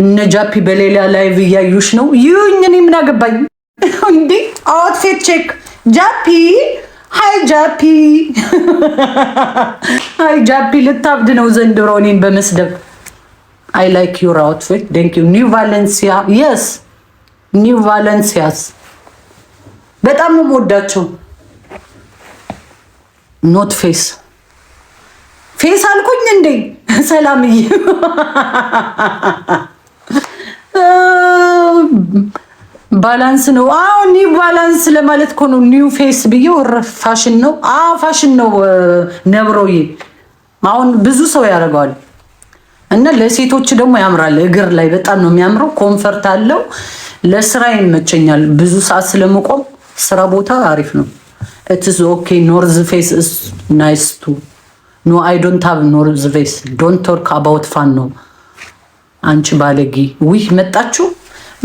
እነ ጃፒ በሌላ ላይቭ እያዩሽ ነው ይሁኝ። እኔ ምን አገባኝ እንዴ? ቼክ ጃፒ ሀይ ጃፒ ሀይ ጃፒ ልታብድ ነው ዘንድሮ እኔን በመስደብ። አይ ላይክ ዩር አውትፊት ቴንክ ዩ ኒው ቫለንሲያ የስ ኒው ቫለንሲያስ በጣም የምወዳቸው ኖት ፌስ ፌስ አልኩኝ እንዴ ሰላምዬ ባላንስ ነው። አዎ ኒው ባላንስ ለማለት እኮ ነው። ኒው ፌስ ብዬ ወረ ፋሽን ነው። አዎ ፋሽን ነው። ነብሮዬ አሁን ብዙ ሰው ያደርገዋል እና ለሴቶች ደግሞ ያምራል። እግር ላይ በጣም ነው የሚያምረው። ኮንፈርት አለው። ለስራ ይመቸኛል። ብዙ ሰዓት ስለመቆም ስራ ቦታ አሪፍ ነው። ኢትስ ኦኬ ኖርዝ ፌስ ኢስ ናይስ ቱ ኖ አይ ዶንት ሃቭ ኖርዝ ፌስ ዶንት ቶክ አባውት ፋን ነው አንቺ ባለጊ ውይ መጣችሁ።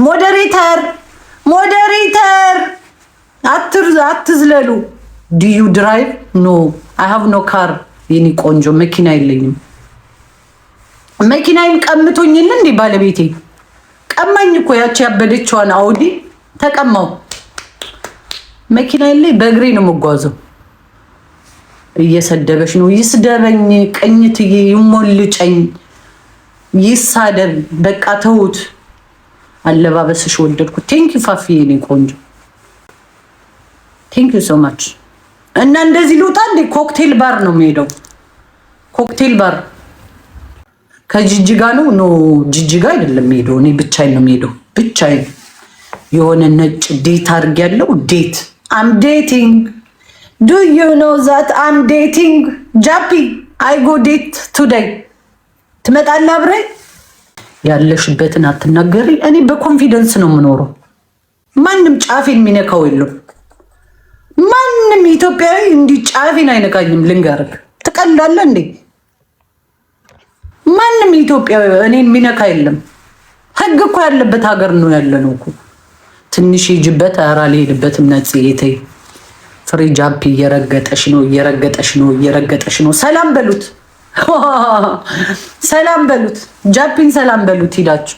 ሞዴሬተር ሞዴሬተር፣ አትዝለሉ። ዲዩ ድራይቭ? ኖ አይ ሃቭ ኖ ካር። የኔ ቆንጆ መኪና የለኝም። መኪናዬን ቀምቶኝል እንዴ ባለቤቴ? ቀማኝ እኮ ያቺ ያበደችዋን አውዲ ተቀማው። መኪና ላይ በእግሬ ነው መጓዘው። እየሰደበች ነው። ይስደበኝ፣ ቅኝትዬ ይሞልጨኝ ይሳደብ፣ በቃ ተውት። አለባበስሽ ወደድኩት። ቴንክ ዩ ፋፊ፣ የኔ ቆንጆ ቴንክ ዩ ሶ ማች። እና እንደዚህ ልውጣ እንዴ? ኮክቴል ባር ነው የምሄደው። ኮክቴል ባር ከጅጅጋ ነው ኖ፣ ጅጅጋ አይደለም የምሄደው። እኔ ብቻዬን ነው የምሄደው፣ ብቻዬን የሆነ ነጭ ዴት አድርግ ያለው ዴት አም ዴቲንግ ዱ ዩ ኖ ዛት አም ዴቲንግ ጃፒ አይ ጎ ዴት ቱደይ ትመጣለህ አብረን ያለሽበትን አትናገሪ። እኔ በኮንፊደንስ ነው የምኖረው። ማንም ጫፌን የሚነካው የለም። ማንም ኢትዮጵያዊ እንዲህ ጫፌን አይነካኝም። ልንገርህ፣ ትቀላለህ እንዴ? ማንም ኢትዮጵያዊ እኔን የሚነካ የለም። ህግ እኮ ያለበት ሀገር ነው ያለ ነው እኮ። ትንሽ ሂጅበት፣ ኧረ አልሄድበትም። ነጽዬ ፍሪ ጃፕ እየረገጠሽ ነው፣ እየረገጠሽ ነው፣ እየረገጠሽ ነው። ሰላም በሉት። ሰላም በሉት፣ ጃፒን ሰላም በሉት። ሂዳችሁ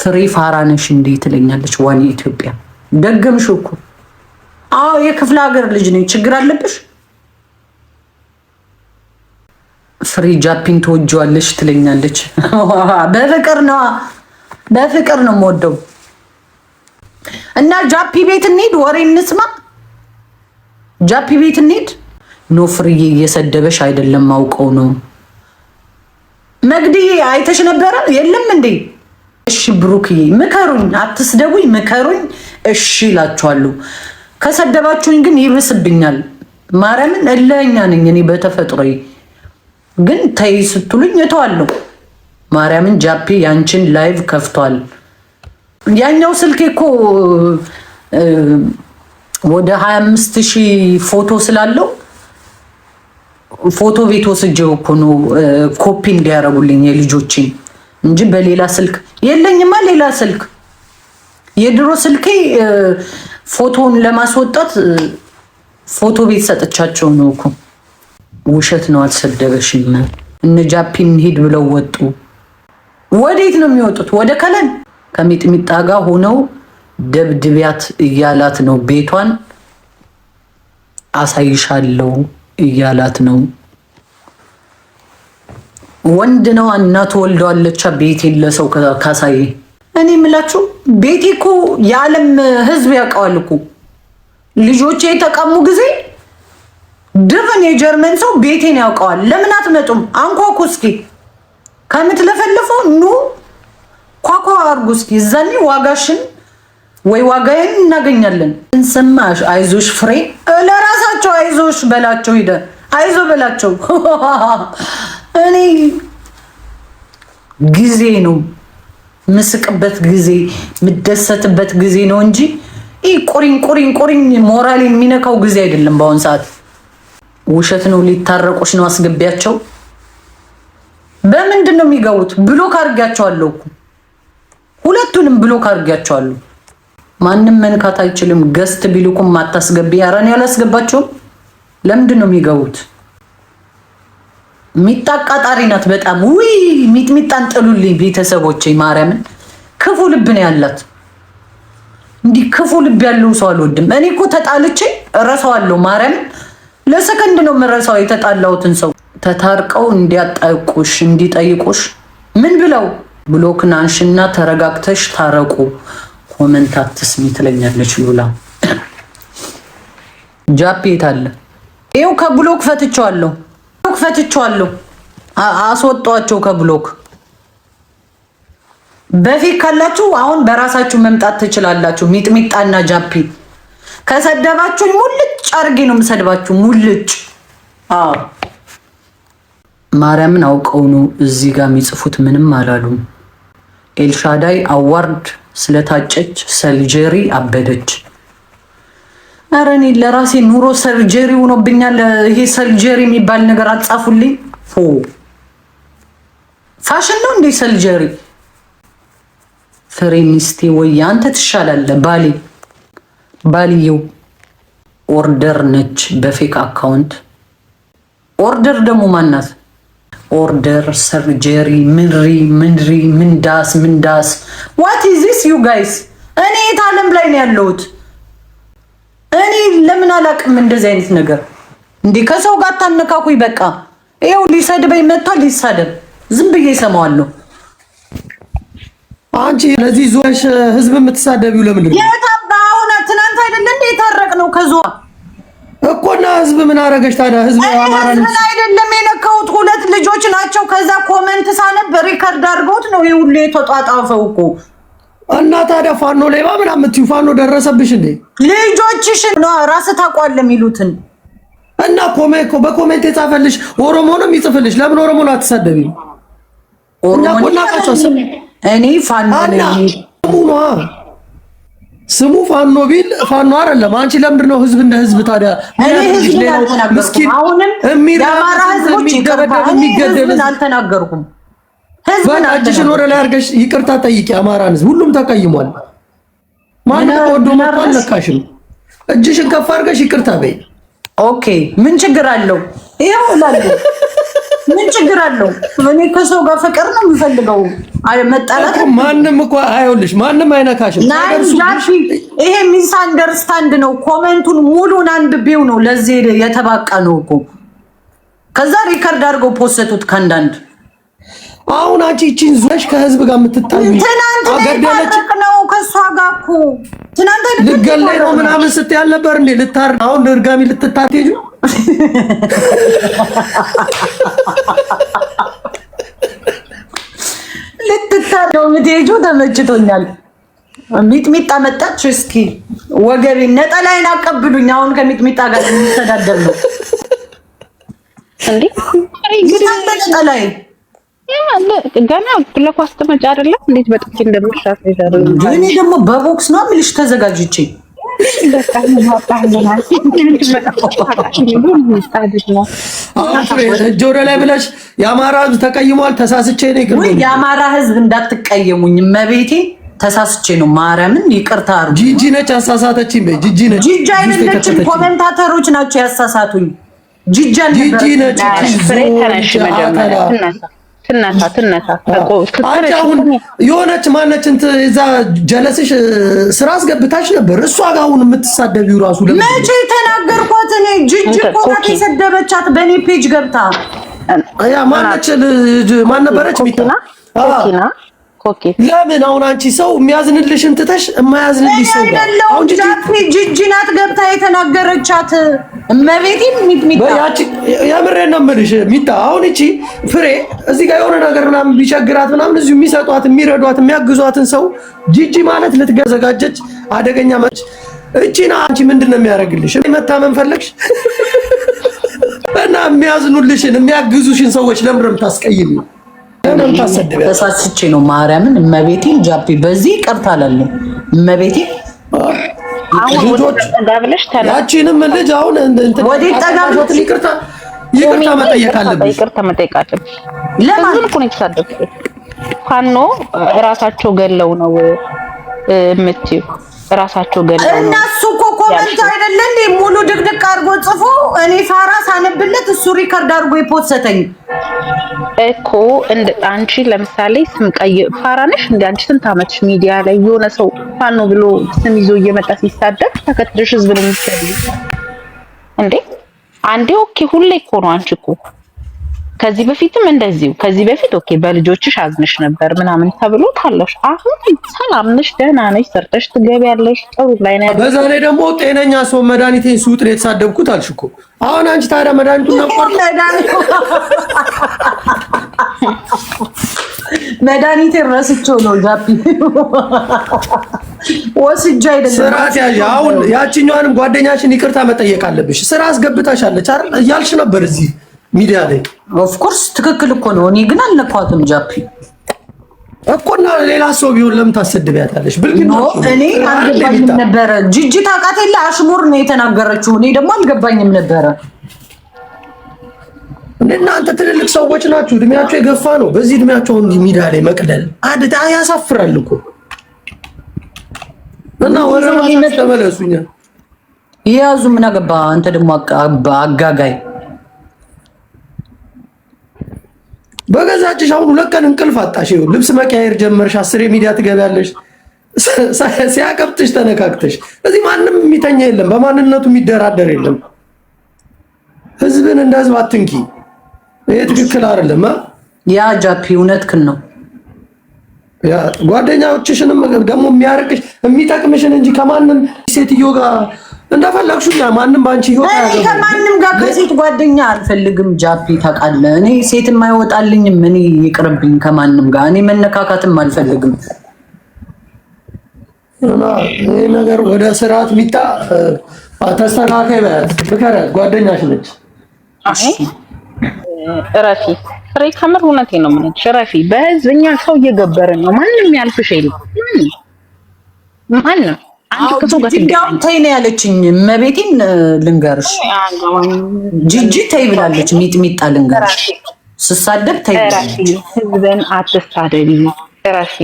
ፍሬ ፋራነሽ እንዴ ትለኛለች። ዋን ኢትዮጵያ ደገምሽ እኮ አዎ፣ የክፍለ ሀገር ልጅ ነኝ። ችግር አለብሽ? ፍሬ ጃፒን ተወጅዋለች ትለኛለች። በፍቅር ነው በፍቅር ነው የምወደው። እና ጃፒ ቤት እንሂድ፣ ወሬ እንስማ። ጃፒ ቤት እንሂድ። ኖፍርዬ እየሰደበሽ አይደለም፣ አውቀው ነው። መግድዬ አይተሽ ነበረ የለም እንዴ? እሺ ብሩክዬ፣ ምከሩኝ፣ አትስደቡኝ፣ ምከሩኝ። እሺ ይላችኋለሁ። ከሰደባችሁኝ ግን ይብስብኛል። ማርያምን እልኸኛ ነኝ እኔ በተፈጥሮዬ፣ ግን ተይ ስትሉኝ እተዋለሁ። ማርያምን ጃፔ ያንቺን ላይቭ ከፍቷል። ያኛው ስልኬ እኮ ወደ 25 ሺህ ፎቶ ስላለው ፎቶ ቤት ወስጄው እኮ ነው ኮፒ እንዲያደርጉልኝ የልጆችን እንጂ በሌላ ስልክ የለኝማ። ሌላ ስልክ የድሮ ስልኬ ፎቶን ለማስወጣት ፎቶ ቤት ሰጥቻቸው ነው እኮ። ውሸት ነው፣ አልሰደበሽም። እነ ጃፒ እንሂድ ብለው ወጡ። ወዴት ነው የሚወጡት? ወደ ከለን ከሚጥሚጣ ጋር ሆነው ደብድቢያት እያላት ነው ቤቷን አሳይሻለሁ እያላት ነው። ወንድ ነዋ እናቱ ወልደዋለቻ። ቤቴን ለሰው ካሳዬ እኔ የምላችሁ ቤቴ እኮ የዓለም ሕዝብ ያውቀዋል እኮ ልጆቼ የተቀሙ ጊዜ ድፍን የጀርመን ሰው ቤቴን ያውቀዋል። ለምን አትመጡም? አንኳኩ እስኪ ከምትለፈልፈው ኑ ኳኳ አርጉ እስኪ እዛኔ ዋጋሽን ወይ ዋጋዬን እናገኛለን። እንሰማሽ፣ አይዞሽ ፍሬ፣ ለራሳቸው አይዞሽ በላቸው፣ ሂደ አይዞ በላቸው። እኔ ጊዜ ነው ምስቅበት ጊዜ ምደሰትበት ጊዜ ነው እንጂ ይህ ቁሪኝ ቁሪኝ ቁሪኝ ሞራል የሚነካው ጊዜ አይደለም። በአሁን ሰዓት ውሸት ነው። ሊታረቆች ነው አስገቢያቸው። በምንድን ነው የሚገቡት? ብሎክ አድርጊያቸዋለሁ እኮ ሁለቱንም ብሎክ አድርጊያቸዋለሁ። ማንም መንካት አይችልም። ገስት ቢልኩም ማታስገቢ ያራን ያላስገባቸውም። ለምንድን ነው የሚገቡት? ሚጣ አቃጣሪ ናት በጣም ውይ፣ ሚጥሚጣን ጥሉልኝ ቤተሰቦቼ። ማርያምን ክፉ ልብ ነው ያላት። እንዲህ ክፉ ልብ ያለው ሰው አልወድም። እኔ እኮ ተጣልቼ እረሳዋለሁ። ማርያምን ለሰከንድ ነው የምረሳው የተጣላሁትን ሰው። ተታርቀው እንዲያጣቁሽ እንዲጠይቁሽ ምን ብለው ብሎክናንሽና ተረጋግተሽ ታረቁ ኮመንት አትስሚ ትለኛለች ሉላ። ጃፒ የት አለ? ይኸው ከብሎክ ፈትቼዋለሁ፣ ፈትቼዋለሁ። አስወጧቸው ከብሎክ። በፊት ካላችሁ አሁን በራሳችሁ መምጣት ትችላላችሁ። ሚጥሚጣና ጃፒ ከሰደባችሁኝ ሙልጭ አድርጌ ነው የምሰድባችሁ። ሙልጭ አዎ ማርያምን አውቀው ነው እዚህ ጋር የሚጽፉት። ምንም አላሉም። ኤልሻዳይ አዋርድ ስለታጨች ሰርጀሪ አበደች። ኧረ እኔ ለራሴ ኑሮ ሰርጀሪ ሆኖብኛል። ይሄ ሰርጀሪ የሚባል ነገር አጻፉልኝ። ፎ ፋሽን ነው እንዴ ሰርጀሪ? ፍሬ ሚስቴ፣ ወይ አንተ ትሻላለህ። ባሌ ባልየው ኦርደር ነች በፌክ አካውንት። ኦርደር ደግሞ ማናት? ኦርደር ሰርጀሪ ምንሪ ምንሪ ምንዳስ ምንዳስ ዋት ኢዝ ዚስ ዩ ጋይስ? እኔ የት ዓለም ላይ ነው ያለሁት? እኔ ለምን አላውቅም እንደዚህ አይነት ነገር እንዴ? ከሰው ጋር ታነካኩኝ። በቃ ይኸው ሊሰድበኝ መጥቷል። ሊሳደብ ዝም ብዬ ይሰማዋለሁ። አንቺ ለዚህ ዙሪያሽ ህዝብ የምትሳደቢው ለምንድን ነው? የታባ አሁን ትናንት አይደለ እንደ የታረቅ ነው ከዙዋ እኮና ህዝብ ምን አረገች ታዲያ? ህዝብ አማራን አይደለም የነካሁት፣ ሁለት ልጆች ናቸው። ከዛ ኮመንት ሳነብ ሪከርድ አድርገውት ነው ይሄ ሁሉ የተጧጣፈው እኮ። እና ታዲያ ፋኖ ሌባ ምን አምትዩ? ፋኖ ደረሰብሽ እንዴ? ልጆችሽን ነው ራስህ ታውቋለህ የሚሉትን እና ኮሜኮ በኮሜንት የጻፈልሽ ኦሮሞ ነው የሚጽፍልሽ። ለምን ኦሮሞ ነው አትሳደቢም? እኛ እኮ እኔ ፋኖ ነኝ ስሙ ፋኖ ቢል ፋኖ አይደለም። አንቺ ለምንድን ነው ህዝብ እንደ ህዝብ ታዲያ? እኔ ህዝብ ምስኪን የአማራ ህዝቦች ይቅርታ ህዝብን አልተናገርኩም። ህዝብን እጅሽን ወደ ላይ አድርገሽ ይቅርታ ጠይቂ። አማራን ህዝብ ሁሉም ተቀይሟል። ማንም ወዶ መጥቶ አልነካሽም። እጅሽን ከፍ አድርገሽ ይቅርታ በይ። ኦኬ፣ ምን ችግር አለው? ይኸው እላለሁ። ምን ችግር አለው? እኔ ከሰው ጋር ፍቅር ነው የምፈልገው። መጣላት ማንም እኮ አይውልሽ፣ ማንም አይነካሽም። ናይ ይሄ ሚስ አንደርስታንድ ነው። ኮመንቱን ሙሉን አንብቤው ነው ለዚህ የተባቃ ነው እኮ። ከዛ ሪከርድ አድርገው ፖስተቱት ከአንዳንድ አሁን አንቺ እቺን ዙሽ ከህዝብ ጋር የምትታዩ አገደለች ነው ከሷ ጋር እኮ ትናንት ልገለይ ነው ምናምን ስት ስትይ ነበር እንዴ? ልታር አሁን ድርጋሚ ልትታቴጁ ልትታር ነው ምትሄጁ። ተመችቶኛል። ሚጥሚጣ መጣች። እስኪ ወገቤ ነጠላይን አቀብሉኝ። አሁን ከሚጥሚጣ ጋር የሚተዳደር ነው እንዴ? ነጠላይን ገና ለኳስ ትመጪ አይደለም? እንዴት በጥፊ እንደምሻት እኔ ደግሞ በቦክስ ነው የምልሽ ተዘጋጅቼ ጆሮ ላይ ብለሽ የአማራ ህዝብ ተቀይሟል። ተሳስቼ ነው የአማራ ህዝብ እንዳትቀየሙኝ፣ መቤቴ ተሳስቼ ነው። ማርያምን ይቅርታ አርጉ። ጂጂ ነች ያሳሳተችኝ። ጂጂ ነች፣ ጂጂ አይደለችም። ኮሜንታተሮች ናቸው ያሳሳቱኝ። ጂጂ ነች። ትነሳ ትነሳ። የሆነች ማነች እንትን እዛ ጀለስሽ ስራ አስገብታች ነበር። እሷ ጋር አሁን የምትሳደቢው ራሱ መቼ ተናገርኳት? እኔ ጅጅ እኮ የሰደበቻት በእኔ ፔጅ ገብታ። ማነች ማን ነበረች? ለምን አሁን አንቺ ሰው የሚያዝንልሽን ትተሽ የማያዝንልሽ ሰው ጋር አሁን ጅጅ ናት ገብታ የተናገረቻት እመቤቴን የምሬን ነው የምልሽ ሚታ አሁን እቺ ፍሬ እዚህ ጋር የሆነ ነገር ምናምን ቢቸግራት ምናምን እዚሁ የሚሰጧት የሚረዷት የሚያግዟትን ሰው ጂጂ ማለት ልትዘጋጀች አደገኛ መች እቺን አንቺ ምንድን ነው የሚያደርግልሽ? መታመም ፈለግሽ እና የሚያዝኑልሽን የሚያግዙሽን ሰዎች ለምን ነው የምታስቀይም? ተሳስቼ ነው ማርያምን እመቤቴን ጃፒ በዚህ ቀርታላለሁ እመቤቴን ልጆች ያቺንም ልጅ አሁን ይቅርታ መጠየቅ አለብሽ። ይቅርታ መጠየቅ አለብሽ። እኮ ነው የተሳደብኩት? ፋኖ እራሳቸው ገለው ነው የምትይው እራሳቸው ገለው ነው እነሱ ኮመንት አይደለ እንዴ ሙሉ ድቅድቅ አድርጎ ጽፎ እኔ ፋራ ሳነብለት እሱ ሪከርድ አድርጎ የፖሰተኝ እኮ እንደ አንቺ ለምሳሌ ስም ቀይ ፋራ ነሽ እንደ አንቺ ስንት አመትሽ ሚዲያ ላይ የሆነ ሰው ፋኖ ብሎ ስም ይዞ እየመጣ ሲሳደብ ተከትለሽ ህዝብ ነው የሚሰደው እንዴ አንዴ ኦኬ ሁሌ እኮ ነው አንቺ እኮ ከዚህ በፊትም እንደዚሁ ከዚህ በፊት ኦኬ በልጆችሽ አዝንሽ ነበር ምናምን ተብሎ ታለሽ። አሁን ሰላም ነሽ፣ ደህና ነሽ፣ ሰርተሽ ትገቢያለሽ። ጥሩ ላይ ነው። በዛ ላይ ደግሞ ጤነኛ ሰው መድኃኒቴን ስውጥ ነው የተሳደብኩት አልሽ እኮ። አሁን አንቺ ታዲያ መድኃኒቱን ነበር መድኃኒቴ ረስቼው ነው ጃፒ ወስጃ አይደለም። ስርዓት ያዥ። አሁን ያቺኛዋንም ጓደኛሽን ይቅርታ መጠየቅ አለብሽ። ስራ አስገብታሻለች አለች አይደል እያልሽ ነበር እዚህ ሚዲያ ላይ ኦፍኮርስ ትክክል እኮ ነው። እኔ ግን አልነኳትም። ጃፒ እኮና ሌላ ሰው ቢሆን ለምን ታሰድቢያታለሽ? ብልግና እኔ አልገባኝም ነበረ። ጅጅ ታውቃት የለ አሽሙር ነው የተናገረችው። እኔ ደግሞ አልገባኝም ነበረ። እናንተ ትልልቅ ሰዎች ናችሁ፣ እድሜያቸው የገፋ ነው። በዚህ እድሜያቸው እንዲህ ሚዲያ ላይ መቅለል አድታ ያሳፍራል እኮ እና ወረራ ተመለሱኛ የያዙ ምን አገባ አንተ ደግሞ አጋጋይ በገዛችሽ አሁን ሁለት ቀን እንቅልፍ አጣሽ። ልብስ መቀያየር ጀመርሽ። አስር ሚዲያ ትገቢያለሽ። ሲያቀብጥሽ ተነካክተሽ። እዚህ ማንም የሚተኛ የለም፣ በማንነቱ የሚደራደር የለም። ህዝብን እንደ ህዝብ አትንኪ። ይሄ ትክክል አይደለም። ያ ጃፒ እውነትህን ነው። ጓደኛዎችሽንም ደግሞ የሚያርቅሽ የሚጠቅምሽን እንጂ ከማንም ሴትዮ ጋር እንደፈለግሽኛ ማንም ባንቺ ይወጣ ያለው እኔ ከማንም ጋር ከሴት ጓደኛ አልፈልግም። ጃፒ ታውቃለህ፣ እኔ ሴትም አይወጣልኝም። እኔ ይቅርብኝ ከማንም ጋር እኔ መነካካትም አልፈልግም። ይህ ነገር ወደ ስርዓት ሚጣ ተስተካካይ በያት፣ ብከረ ጓደኛሽ ነች። እረፊ ፍሬ፣ ከምር እውነቴ ነው ምን እረፊ። በህዝብ እኛ ሰው እየገበርን ነው። ማንም ያልፍሽ የለም ማንም አንድ ከሰው ጋር ትዳውን ተይ ነው ያለችኝ። መቤቴን ልንገርሽ ጂጂ ተይ ብላለች። ሚጥሚጣ ልንገርሽ ስሳደብ ተይ ህዝብን አትስታደቢ እረፊ።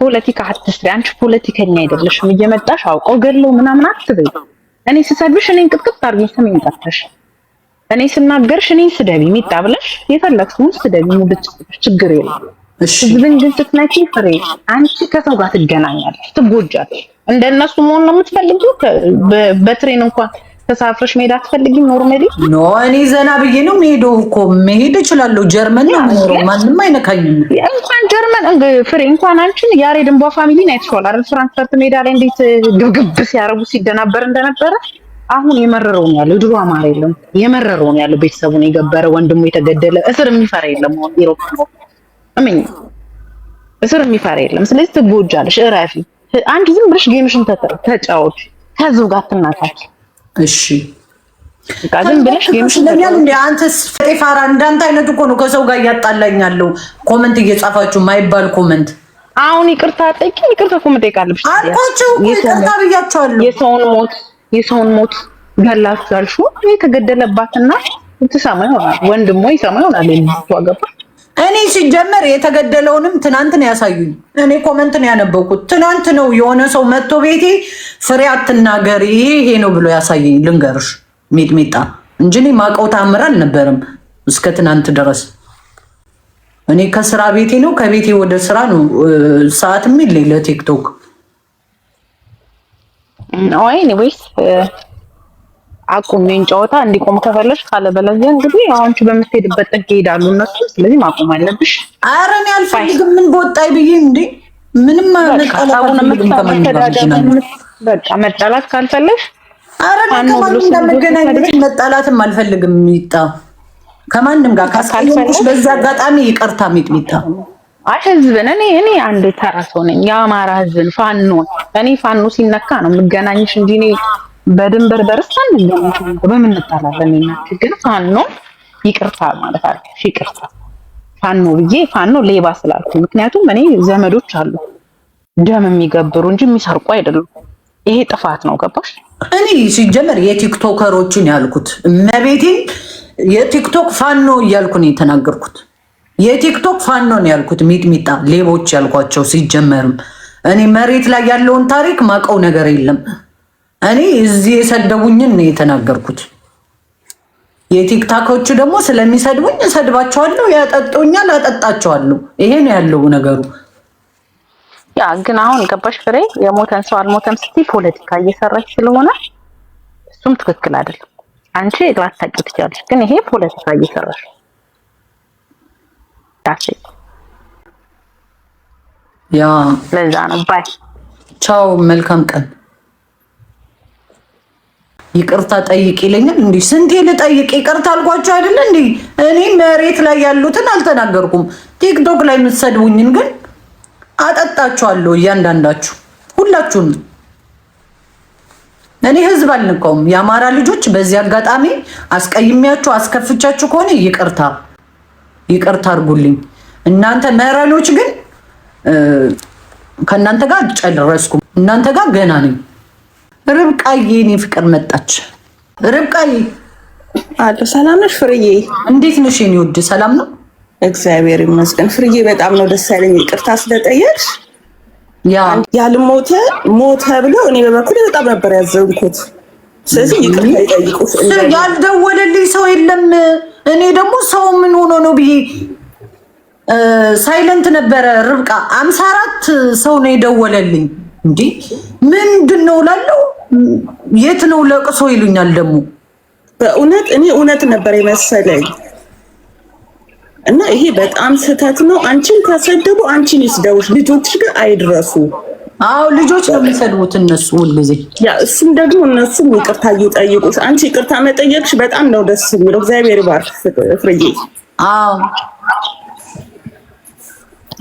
ፖለቲካ አትስሪ። አንቺ ፖለቲከኛ አይደለሽም። እየመጣሽ አውቀው ገድለው ምናምን አትበይ። እኔ ስሰድብሽ እኔን ቅጥቅጥ አድርጊኝ ስሜን ጠርተሽ፣ እኔ ስናገርሽ እኔን ስደቢ ሚጣ ብለሽ የፈለግሽውን ስደቢ። ችግር የለም ህዝብን ግን ስትነኪ ፍሬ አንቺ ከሰው ጋር ትገናኛለች ትጎጃለች እንደነሱ መሆን ነው የምትፈልጊው? በትሬን እንኳን ተሳፍረሽ መሄድ አትፈልጊም? ኖርማሊ ኖ እኔ ዘና ብዬ ነው መሄደው እኮ መሄድ እችላለሁ። ጀርመን ነው የምኖረው፣ ማንም አይነካኝም። እንኳን ጀርመን ፍሬ እንኳን አንቺን ያሬድን በፋሚሊን አይተሽዋል አይደል? ፍራንክፈርት ሜዳ ላይ እንዴት ግብግብ ሲያረጉ ሲደናበር እንደነበረ አሁን የመረረውን ያለው ድሮ አማር የለም ነው ያለው ቤተሰቡን የገበረ ወንድሙ የተገደለ እስር የሚፈራ የለም ኢሮፕ እመኝ እስር የሚፈራ የለም። ስለዚህ ትጎጃለሽ። እረፊ። አንድ ዝም ብለሽ ጌምሽን ተጫወች። ከዚህ ጋር ትናካች። እሺ ዝም ብለሽ ጌምሽን እንደ አንተ ፈጤፋራ ፋራ እንዳንተ አይነት እኮ ነው ከሰው ጋር እያጣላኛለሁ። ኮመንት እየጻፋችሁ ማይባል ኮመንት አሁን ይቅርታ ጠይቂ። ይቅርታ ኮመንት ይቃልብሽ አልቆችሁ ይቅርታ ብያቸዋለሁ። የሰውን ሞት የሰውን ሞት ገላችሁ ያልሽው የተገደለባትና ትሰማ ይሆናል፣ ወንድሞ ይሰማ ይሆናል። ልጅቷ ገባ እኔ ሲጀመር የተገደለውንም ትናንት ነው ያሳዩኝ። እኔ ኮመንት ነው ያነበብኩት። ትናንት ነው የሆነ ሰው መጥቶ ቤቴ ፍሬ አትናገር ይሄ ነው ብሎ ያሳየኝ። ልንገርሽ ሚጥሚጣ እንጂ እኔ ማውቀው ተአምር አልነበረም እስከ ትናንት ድረስ። እኔ ከስራ ቤቴ ነው ከቤቴ ወደ ስራ ነው ሰዓት የሚል ለቲክቶክ ወይ አቁሜን ጨዋታ እንዲቆም ከፈለሽ፣ ካለ ካለበለዚያ እንግዲህ አንቺ በምትሄድበት ጥግ ይሄዳሉ እነሱ። ስለዚህ ማቆም አለብሽ። ኧረ እኔ አልፈልግም። ምን በወጣኝ ብዬ እንዴ! ምንም በቃ መጣላት ካልፈለሽ፣ ኧረ ከማንም እንደምገናኝ መጣላትም አልፈልግም። ሚጣ ከማንም ጋር ካስቀየምኩሽ በዛ አጋጣሚ ይቅርታ ሚጥሚጣ አሽ ህዝብን እኔ እኔ አንድ ተራ ሰው ነኝ። የአማራ ህዝብን ፋኖን እኔ ፋኖ ሲነካ ነው የምገናኝሽ እንጂ እኔ በድንበር እንደሆነ እንደምን እንጣላለን። ግን ፋኖ ይቅርታ ማለት አለ። ይቅርታ ፋኖ ብዬ ፋኖ ሌባ ስላልኩ፣ ምክንያቱም እኔ ዘመዶች አሉ ደም የሚገብሩ እንጂ የሚሰርቁ አይደሉም። ይሄ ጥፋት ነው። ገባሽ? እኔ ሲጀመር የቲክቶከሮችን ያልኩት መቤቴን የቲክቶክ ፋኖ እያልኩ ነው የተናገርኩት። የቲክቶክ ፋኖ ነው ያልኩት። ሚጥሚጣ ሌቦች ያልኳቸው ሲጀመርም እኔ መሬት ላይ ያለውን ታሪክ ማቀው ነገር የለም። እኔ እዚህ የሰደቡኝን ነው የተናገርኩት። የቲክታኮቹ ደግሞ ስለሚሰድቡኝ እሰድባቸዋለሁ፣ ያጠጡኛል፣ አጠጣቸዋለሁ። ይሄን ያለው ነገሩ። ያ ግን አሁን ገባሽ ፍሬ፣ የሞተን ሰው አልሞተም ስትይ ፖለቲካ እየሰራች ስለሆነ እሱም ትክክል አይደለም። አንቺ ላታቂ ትችላለሽ፣ ግን ይሄ ፖለቲካ እየሰራች ዳሴ። ያ ለዛ ነው ባይ። ቻው፣ መልካም ቀን። ይቅርታ ጠይቅ ይለኛል። እንዲ ስንቴ ልጠይቅ? ይቅርታ አልኳቸው አይደለ እንዲ። እኔ መሬት ላይ ያሉትን አልተናገርኩም። ቲክቶክ ላይ የምትሰድቡኝን ግን አጠጣችኋለሁ፣ እያንዳንዳችሁ ሁላችሁን። እኔ ህዝብ አልንቀውም። የአማራ ልጆች በዚህ አጋጣሚ አስቀይሜያችሁ አስከፍቻችሁ ከሆነ ይቅርታ ይቅርታ አድርጉልኝ። እናንተ መረኖች ግን ከእናንተ ጋር ጨረስኩም። እናንተ ጋር ገና ነኝ። ርብቃዬ እኔ ፍቅር መጣች። ርብቃዬ አለሁ። ሰላም ነሽ ፍርዬ? እንዴት ነሽ የኔ ውድ? ሰላም ነው እግዚአብሔር ይመስገን። ፍርዬ በጣም ነው ደስ ያለኝ ይቅርታ ስለጠየቅሽ። ያልሞተ ሞተ ብሎ እኔ በበኩሌ በጣም ነበር ያዘንኩት። ስለዚህ ይቅርታ ይጠይቁት። ያልደወለልኝ ሰው የለም። እኔ ደግሞ ሰው ምን ሆኖ ነው ብዬ ሳይለንት ነበረ። ርብቃ አምሳ አራት ሰው ነው የደወለልኝ እንዲህ ምንድን ነው ላለው የት ነው ለቅሶ ይሉኛል ደግሞ በእውነት እኔ እውነት ነበር የመሰለኝ እና ይሄ በጣም ስህተት ነው። አንቺን ካሰደቡ አንቺን ይስደቡሽ፣ ልጆች ግን አይድረሱ። አዎ ልጆች የሚሰድቡት እነሱ ሁልጊዜ ያ እሱም ደግሞ እነሱም ይቅርታ እየጠይቁሽ አንቺ ይቅርታ መጠየቅሽ በጣም ነው ደስ የሚለው። እግዚአብሔር ይባርክ ፍርዬ። አዎ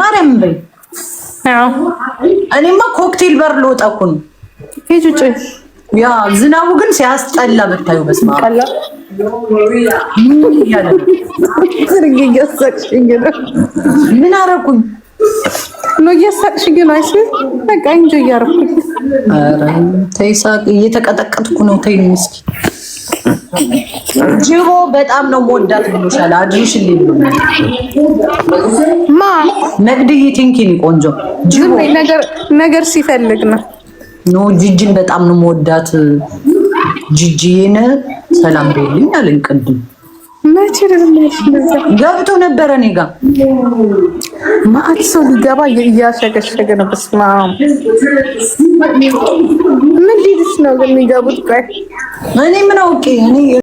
ማርያም በይ። እኔማ ኮክቴል በር ልወጣ እኮ ነው። ሂጅ ውጪ። ያ ዝናቡ ግን ሲያስጠላ ብታዩ በስማ ምን አደረኩኝ? ነው እየሳቅሽ ግን አይሽ በቃ እንጂ እያደረኩኝ። ተይ ሳቅ፣ እየተቀጠቀጥኩ ነው። ተይ ንስ ጅቦ በጣም ነው መወዳት ብሎሻል። አድርሽልኝ ብሎ ማ መቅድይ ቲንኪን ቆንጆ ጅቦ ነገር ሲፈልግ ነው። ኖ ጅጅን በጣም ነው መወዳት። ጅጅዬን ሰላም በይልኝ አለኝ ቅድም ገብቶ ነበረ እኔ ጋ ማአት ሰው ሊገባ እያሸገሸገ ነው። በስመ አብ ምን ሊልሽ ነው የሚገቡት? ቆይ እኔ ምን አውቄ እኔ